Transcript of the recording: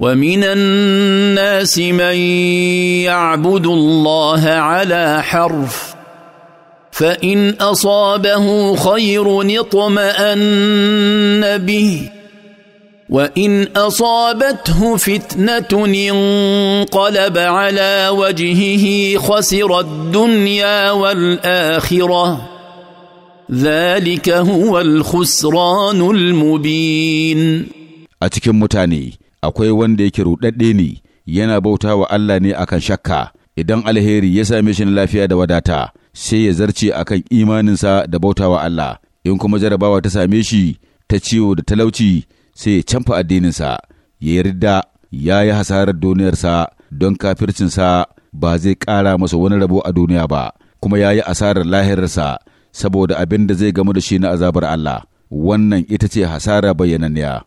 ومن الناس من يعبد الله على حرف فان اصابه خير اطمان به وان اصابته فتنه انقلب على وجهه خسر الدنيا والاخره ذلك هو الخسران المبين اتكم متاني akwai wanda yake ruɗaɗɗe ne yana bauta wa Allah ne akan shakka idan alheri ya same shi na lafiya da wadata sai ya zarce akan imaninsa da bauta wa Allah in kuma jarabawa ta same shi ta ciwo da talauci sai ya canfa addininsa ya yarda ya yi hasarar duniyarsa don kafircinsa ba zai ƙara masa wani rabo a duniya ba kuma ya yi asarar lahirarsa saboda abin da zai gamu da shi na azabar Allah wannan ita ce hasara bayyananniya.